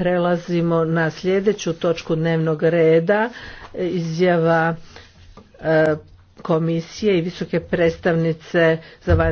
Prelazimo na sljedeću točku dnevnog reda, izjava e, komisije i visoke predstavnice za